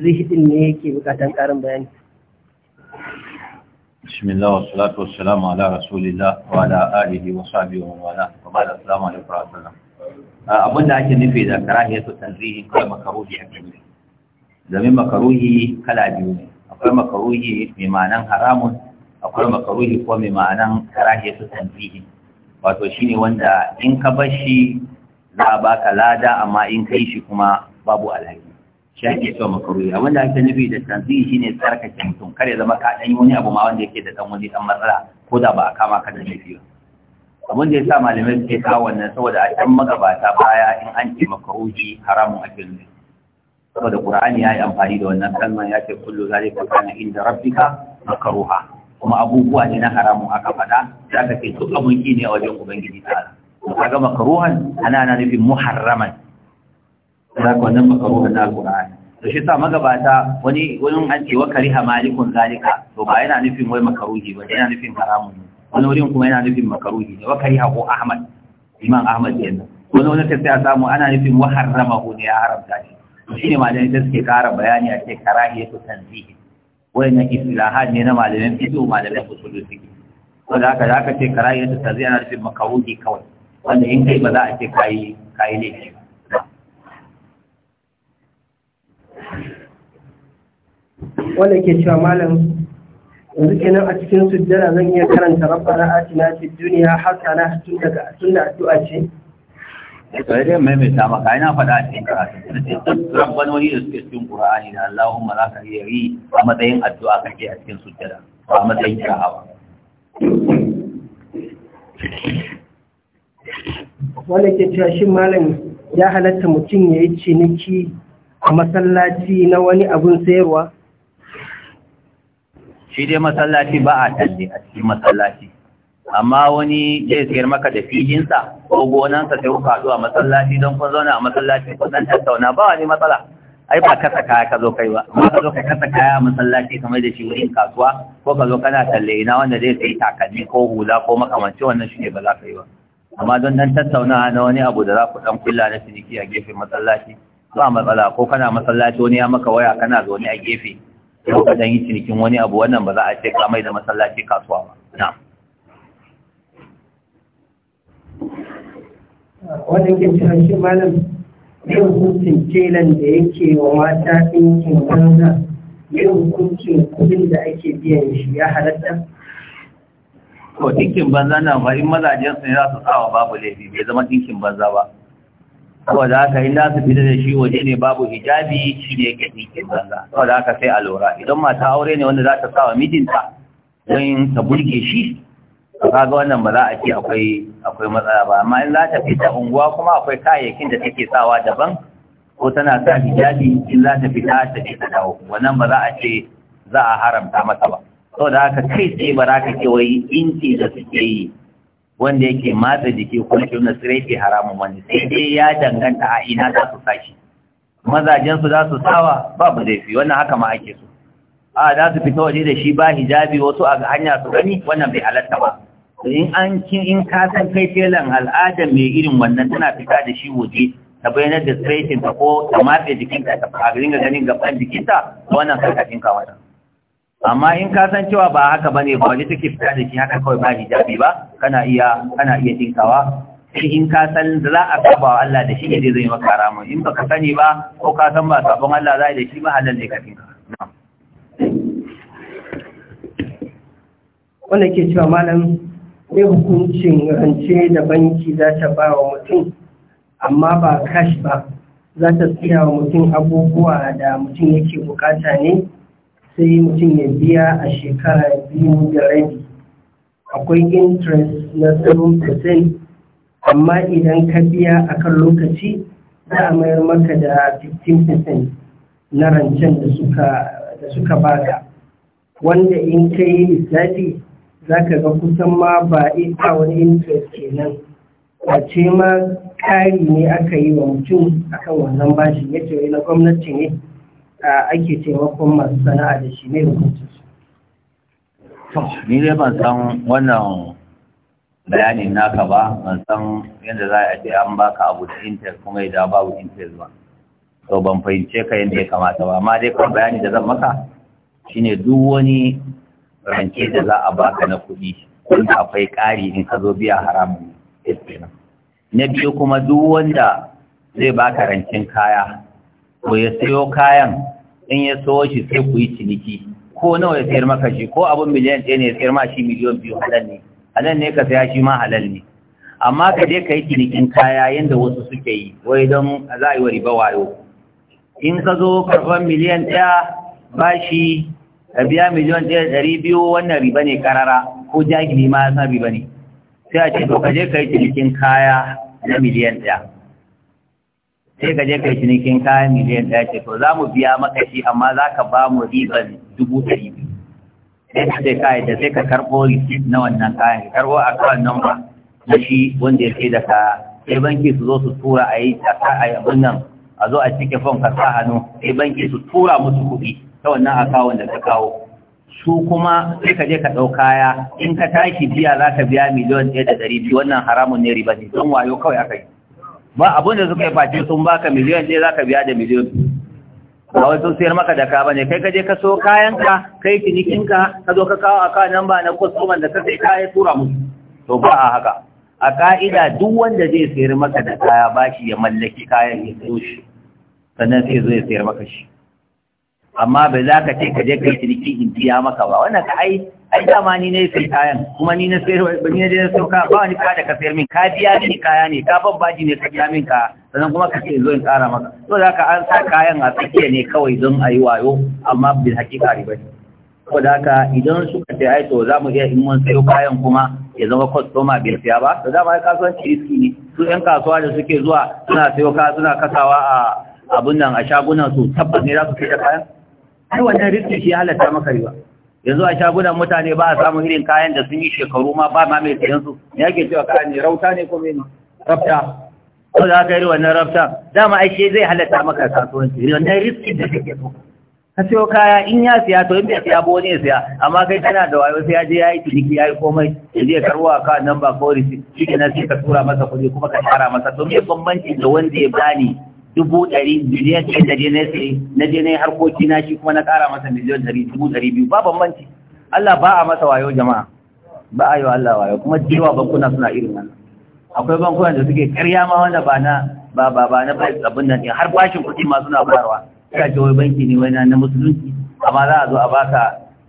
zai ne yake bukatan karin bayani bismillah wa salatu wa salamu ala والسلام wa ala alihi wa آله wa wala wa وبعد السلام عليكم ورحمة الله abin da ake nufi da karahiyatu tanzihi kawai makaruhi a jami'i zami makaruhi kala biyu ne akwai makaruhi mai ma'anan haramun akwai makaruhi ko mai ma'anan karahiyatu tanzihi wato shine wanda in ka bar shi za a baka lada amma in kai shi kuma babu alhaki shi ake cewa makaruhi abin da ake nufi da tanzihi shine tsarkake mutum kar ya zama ka dan yi wani abu ma wanda yake da wani dan matsala ko da ba a kama ka da laifi ba abin da ya sa malamai suke kawo wannan saboda a can magabata baya in an ce makaruhi haramun ake nufi saboda qur'ani ya yi amfani da wannan kalmar ya ce kullu zalika kana inda rabbika makaruha kuma abubuwa ne na haramun aka faɗa za ka ce duk abun ki ne a wajen ubangiji ta'ala kaga makaruhan ana na nufin muharraman za ka wannan makaruha na alqur'ani to shi sa magabata wani wani an ce wa kariha malikun zalika to ba yana nufin wai makaruhi ba yana nufin haramun ne wani wurin kuma yana nufin makaruhi ne wa kariha ko ahmad imam ahmad kenan wani wani ta sai samu ana nufin wa harramahu ne ya haramta shi to ne malamai da suke kara bayani a ce karahiyatu tanzihi wayannan istilahat ne na malamin fiqh malamin usul fiqh ko da haka zaka ce karahiyatu tanzihi ana nufin makaruhi kawai wanda in kai ba za a ce kai kai ne wanda ke cewa malam yanzu kenan a cikin sujjara zan iya karanta rabbana atina fid dunya hasana tun daga tun da addu'a ce sai dai mai mai tama kai na fada a cikin karatu rabbana wani da suke cikin qur'ani da Allahumma la ka iya a matsayin addu'a kake a cikin sujjara ba a matsayin shahawa wanda ke cewa shi malam ya halatta mutum ya yi ciniki a masallaci na wani abun sayarwa shi dai masallaci ba a talle a cikin masallaci amma wani zai sayar maka da filinsa ko gonansa sai kuka haɗu a masallaci don kun zauna a masallaci kun dan tattauna ba wani matsala ai ba kasa kaya ka zo kai ba amma ka zo ka kasa kaya a masallaci kamar da shi wurin kasuwa ko ka zo kana talle ina wanda zai sayi takalmi ko hula ko makamanci wannan shi ne ba za ka yi ba amma don dan tattauna na wani abu da za ku dan kulla na ciniki a gefen masallaci ba matsala ko kana masallaci wani ya maka waya kana zaune a gefe lokacin ka yi cinikin wani abu wannan ba za a ce kamai da masallaci kasuwa ba na wanda ke shi malam yin hukuncin telan da yake wa mata ɗinkin banza yin kuncin kuɗin da ake biyan shi ya halatta ko ɗinkin banza na ba in mazajen sun za su tsawa babu laifi bai zama ɗinkin banza ba saboda haka in za su fita da shi waje ne babu hijabi shi ne yake nikin zanga saboda haka sai a lura idan mata aure ne wanda za ta sawa mijinta don ta burge shi kaga wannan ba za a ce akwai akwai matsala ba amma in za ta fita unguwa kuma akwai kayayyakin da take sawa daban ko tana sa hijabi in za ta fita ta ce ta dawo wannan ba za a ce za a haramta mata ba saboda haka kai sai ba za ka ce wai inci da suke yi wanda yake matsa jiki ko na kiruna sirai ke haramun wani sai dai ya danganta a ina za su sashi mazajen su za su sawa babu zai fi wannan haka ma ake so a za su fita waje da shi ba hijabi wasu a ga hanya su gani wannan bai halatta ba in an kin in ka san kai telan al'adar mai irin wannan tana fita da shi waje ta bayyana da tsiraitin ta ko ta matsa jikinta ta a ringa ganin gaban jikinta wannan sarkafin ka wannan amma in ka san cewa ba haka bane ba wani take fita da shi haka kawai ba hijabi ba kana iya kana iya tinkawa shi in ka san za a saba wa Allah da shi ne zai maka haramun in baka sani ba ko ka san ba sabon Allah za da shi ba halal ne ka tinka wanda ke cewa malam sai hukuncin rance da banki za ta ba wa mutum amma ba cash ba za ta tsaya wa mutum abubuwa da mutum yake bukata ne sai mutum ya biya a shekara biyu da rabi akwai interest na 7% amma idan ka biya a kan lokaci za a mayar maka da 15% na rancen da suka baka wanda in ka yi lissafi za ka ga kusan ma ba ita wani interest kenan a ce ma kari ne aka yi wa mutum akan wannan bashi ya ce na gwamnati ne ake taimakon masu sana'a da shi ne hukuncin su ni dai ban san wannan bayanin naka ba ban san yadda za a ce an baka abu da intel kuma ya babu intel ba to ban fahimce ka yadda ya kamata ba amma dai kan bayani da zan maka shine duk wani rance da za a baka na kuɗi wanda akwai ƙari in ka zo biya haramun na biyu kuma duk wanda zai baka rancen kaya ko ya sayo kayan in ya so shi sai ku yi ciniki ko nawa ya sayar maka shi ko abin miliyan ɗaya ne ya sayar ma shi miliyan biyu halal ne halal ne ka saya shi ma halal ne amma ka je ka yi cinikin kaya yadda wasu suke yi wai don za a yi wa riba wayo in ka zo karɓar miliyan ɗaya ba shi ka biya miliyan ɗaya ɗari biyu wannan riba ne karara ko jahili ma ya san riba ne sai a ce to ka je ka yi cinikin kaya na miliyan ɗaya sai ka je kai cinikin kayan miliyan ɗaya ce to za mu biya maka shi amma za ka ba mu riban dubu ɗari biyu sai ka sai kayan da sai ka karɓo risit na wannan kayan ka karɓo akawun namba na shi wanda ya ce da ka sai banki su zo su tura a yi abin nan a zo a cike fom ka sa hannu sai banki su tura musu kuɗi ta wannan akawun da ka kawo su kuma sai ka je ka ɗau kaya in ka tashi biya za ka biya miliyan ɗaya da ɗari biyu wannan haramun ne riba ne don wayo kawai aka yi ba abin da suka yi sun baka miliyan ɗaya za ka biya da miliyan ba wai sun sayar maka da ka bane kai ka je ka so kayanka kai cinikinka ka zo ka kawo aka nan ba na kwastoman da ka sai kaya tura musu to ba a haka a ka'ida duk wanda zai sayar maka da kaya ba shi ya mallaki kayan ya sayo shi sannan sai zo sayar maka shi amma bai za ka ce ka je ka yi ciniki in biya maka ba wannan ka ai ai dama ni ne sai kayan kuma ni na ba ni je na ba ni ka da ka sayar min ka biya ni kaya ne ka babba ji ne ka biya min ka sannan kuma ka ce zo in tsara maka to da ka an sa kayan a tsakiya ne kawai don a yi wayo amma bi hakika riba ne ko da ka idan suka ce ai to za mu iya in mun sayo kayan kuma ya zama kwastoma bai siya ba to dama kasuwanci riski ne su 'yan kasuwa da suke zuwa suna sayo ka suna kasawa a abun nan a shagunan su tabbas ne za su kai da kayan ai wannan riski shi halatta maka riba yanzu a shagunan mutane ba a samun irin kayan da sun yi shekaru ma ba ma mai siyansu ya ke cewa kayan ne rauta ne ko mai rafta ko za ka yi wannan rafta dama shi zai halatta maka kasuwanci wannan riski da take so ka siyo kaya in ya siya to in bai siya ba wani ya siya amma kai kana da wayo sai ya je ya yi ciniki ya yi komai ya je karbo a nan ba ko risit shi kenan sai ka tura masa kuɗi kuma ka tara masa to me bambanci da wanda ya bani dubu ɗari miliyan ɗari da jene sai na jene harkoki na shi kuma na ƙara masa miliyan ɗari dubu ɗari biyu ba bambanci Allah ba a masa wayo jama'a ba a yi wa Allah wayo kuma jewa bankuna suna irin nan akwai bankunan da suke karya ma wanda ba na ba ba ba na bai abin nan har bashin kuɗi ma suna bayarwa suka ce wai banki ne wai na musulunci amma za a zo a ka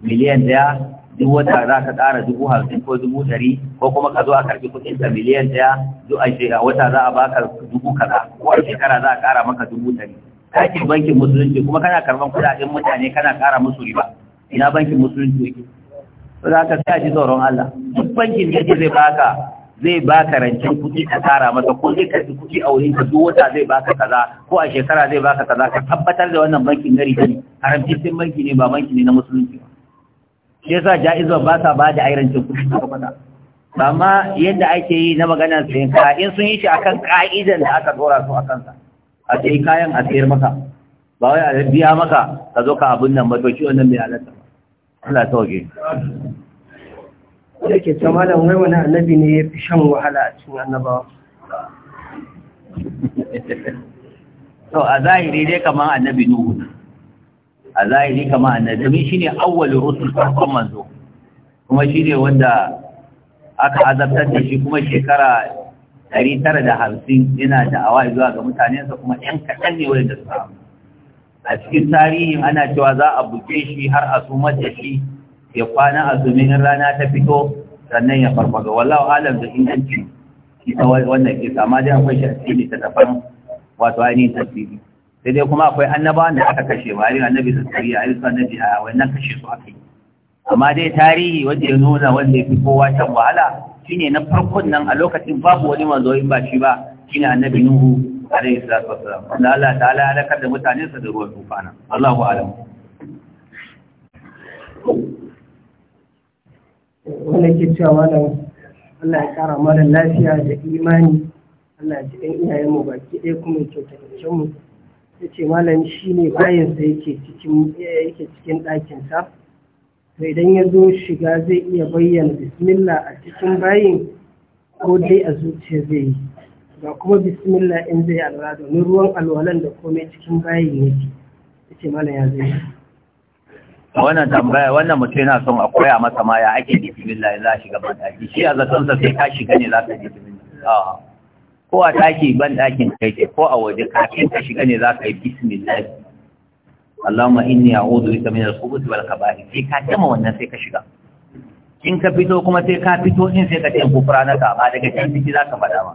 miliyan ɗaya duk wata za ka ƙara dubu hamsin ko dubu ɗari ko kuma ka zo a karfi kuɗin ta miliyan ɗaya duk a shekara wata za a baka dubu kaza ko a shekara za a ƙara maka dubu ɗari kakin bankin musulunci kuma kana karɓan kuɗaɗen mutane kana ƙara musu riba ina bankin musulunci yake to za ka sa a ji tsoron Allah duk bankin da zai baka zai baka rancen kuɗi ka ƙara masa ko zai karɓi kuɗi a ka duk wata zai baka kaza ko a shekara zai baka kaza ka tabbatar da wannan bankin gari ne haramtaccen banki ne ba banki ne na musulunci shi yasa Jaizuwa ba sa ba da airancin kuɗi kwata amma yadda ake yi na maganar sayan kaya in sun yi shi akan ka'idan da aka tsora su a kansa a sayi kayan a sayar maka ba wai a biya maka ka zo ka abin nan ba to shi wannan bai halatta ba Allah ta waje da ke ta da wai wani annabi ne ya fi shan wahala a cikin annabawa to a zahiri dai kamar annabi nuhu a zahiri kama annabi domin ne awwalur rusul farkon manzo kuma shi ne wanda aka azabtar da shi kuma shekara ɗari tara da hamsin yana da awa zuwa ga mutanensa kuma ‘yan kaɗan ne wanda suka a cikin tarihin ana cewa za a buke shi har a suma da shi ya kwana a sumin rana ta fito sannan ya farfaga wallahu alam da inganci ita wannan kisa amma dai akwai shi a cikin littattafan wato ainihin tasiri sai dai kuma akwai annabawan da aka kashe ba irin annabi zakariya irin annabi a wannan kashe su aka yi amma dai tarihi wanda ya nuna wanda ya fi kowa can wahala shine na farkon nan a lokacin babu wani manzo in ba shi ba shine annabi nuhu alaihi salatu wassalam wanda Allah ta'ala ya halakar da mutanen sa da ruwan tufana Allahu a'lam wannan ke cewa malam Allah ya kara mana lafiya da imani Allah ya ji ɗan iyayenmu baki ɗaya kuma ya kyauta da mu ya ce malam shi ne bayansa yake cikin ɗakinsa sai idan ya zo shiga zai iya bayyana bismillah a cikin bayin ko dai a zuciya zai yi ga kuma bismillah in zai alwala domin ruwan alwalan da komai cikin bayin yake ya ce malam ya zai wannan tambaya wannan mutum yana son a koya masa ma ya ake bismillah za shiga ban shi a zaton sa sai ka shiga ne za ka ji bismillah ko a taki ban ɗakin kai ce ko a waje kafin ka shiga ne za ka yi bismillah Allahumma inni a'udhu bika min al-khubuthi wal kaba'ith sai ka tama wannan sai ka shiga in ka fito kuma sai ka fito in sai ka ce kufra na ka ba daga cikin ciki za ka faɗa ma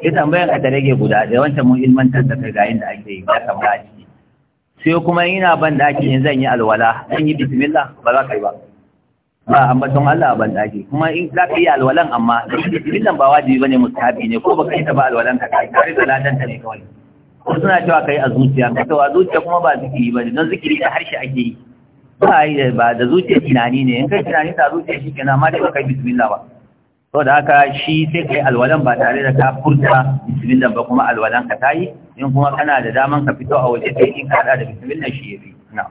sai tambayar ka ta rage guda da wancan mun ilmantar da kai ga yadda ake yi ya kamata a ciki sai kuma ina ban ɗaki in zan yi alwala zan yi bismillah ba za ka yi ba ba ambaton Allah a bandaki kuma in za ka yi alwalan amma nan ba wajibi bane mustahabi ne ko baka yi ta ba alwalan ka kai kare da ladan ta ne kawai ko suna cewa kai a zuciya ka to a zuciya kuma ba zikiri bane don zikiri da harshe ake yi ba yi ba da zuciya tunani ne in kai tunani ta zuciya shi kenan amma dai baka yi bismillah ba to da haka shi sai kai alwalan ba tare da ka furta bismillah ba kuma alwalan ka tayi in kuma kana da daman ka fito a waje kai in ka hada da bismillah shi yafi na'am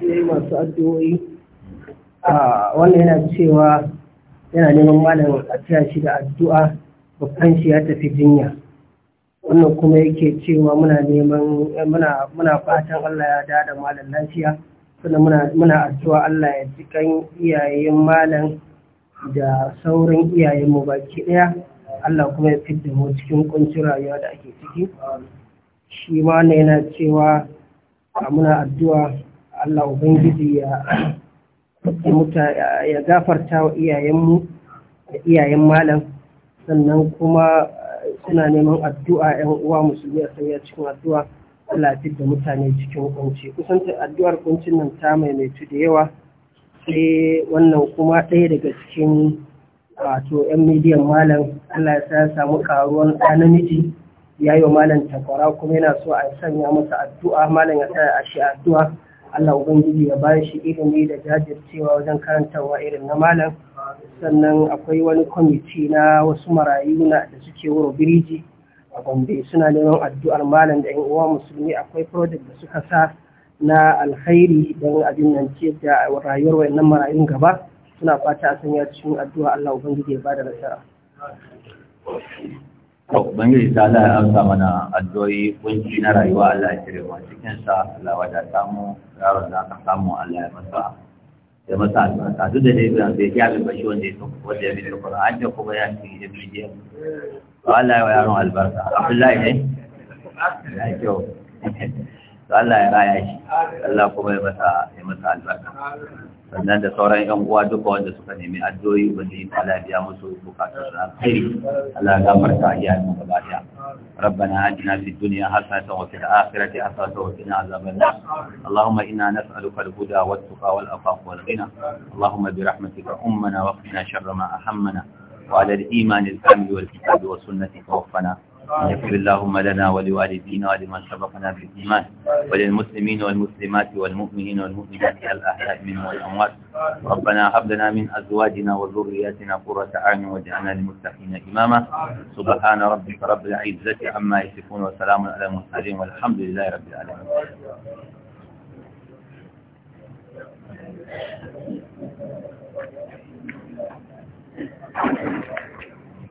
sai masu addu'o'i wanda yana cewa yana neman malam a tiya shi da addu'a babban shi ya tafi jinya wannan kuma yake cewa muna neman muna fatan Allah ya da da malam lafiya sannan muna addu'a Allah ya ji iyayen malam da sauran iyayen mu baki daya Allah kuma ya fidda mu cikin kuncin rayuwa da ake ciki shi ma yana cewa muna addu'a Allah ubangiji ya ya gafarta wa iyayenmu da iyayen malam sannan kuma eh, suna neman addu'a ‘yan uwa musulmi a sanya cikin addu'a lafiya da mutane cikin kunci kusantar addu'ar kuncin nan ta maimaitu da yawa sai wannan kuma ɗaya daga cikin wato ‘yan midiyan malam Allah ya samu karuwan ɗa namiji ya yi wa malam takwara kuma yana so a sanya masa addu'a malam ya sa a shi addu'a Allah Ubangiji ya ba shi ilimi da jajircewa wajen karantarwa irin na malam sannan akwai wani kwamiti na wasu marayu na da suke wuro biriji a Gombe suna neman addu'ar malam da 'yan uwa musulmi akwai project da suka sa na alkhairi don abin nan ce da rayuwar wayannan marayun gaba suna fata a sanya cikin addu'a Allah Ubangiji ya ba da nasara. To, Ubangiji ta Allah ya amsa mana addu'o'i kunci na rayuwa Allah ya mu wa sa Allah wada samu, yaron da aka samu Allah ya masa ya masa ta Duk da dai da sai ya bi bashi wanda ya so wanda ya bi da Qur'an da kuma ya ci da bidiyo. To Allah ya wa yaron albarka. Abdullahi ne? Ya kyau. to Allah ya raya shi Allah kuma ya masa ya masa albarka sannan da sauran yan uwa duka wanda suka nemi addu'o'i yi ta Allah biya musu bukatun su alkhairi Allah ya gafarta iyayen gaba daya ربنا آتنا في الدنيا حسنة وفي الآخرة حسنة وقنا عذاب النار اللهم إنا نسألك الهدى والتقى والعفاف والغنى اللهم برحمتك أمنا واقنا شر ما أهمنا وعلى الإيمان الكامل والكتاب والسنة توفنا يغفر اللهم لنا ولوالدينا ولمن سبقنا بالإيمان وللمسلمين والمسلمات والمؤمنين والمؤمنات الأحياء منهم والأموات ربنا هب لنا من أزواجنا وذرياتنا قرة أعين واجعلنا للمتقين إماما سبحان ربك رب العزة عما يصفون وسلام على المرسلين والحمد لله رب العالمين Thank you.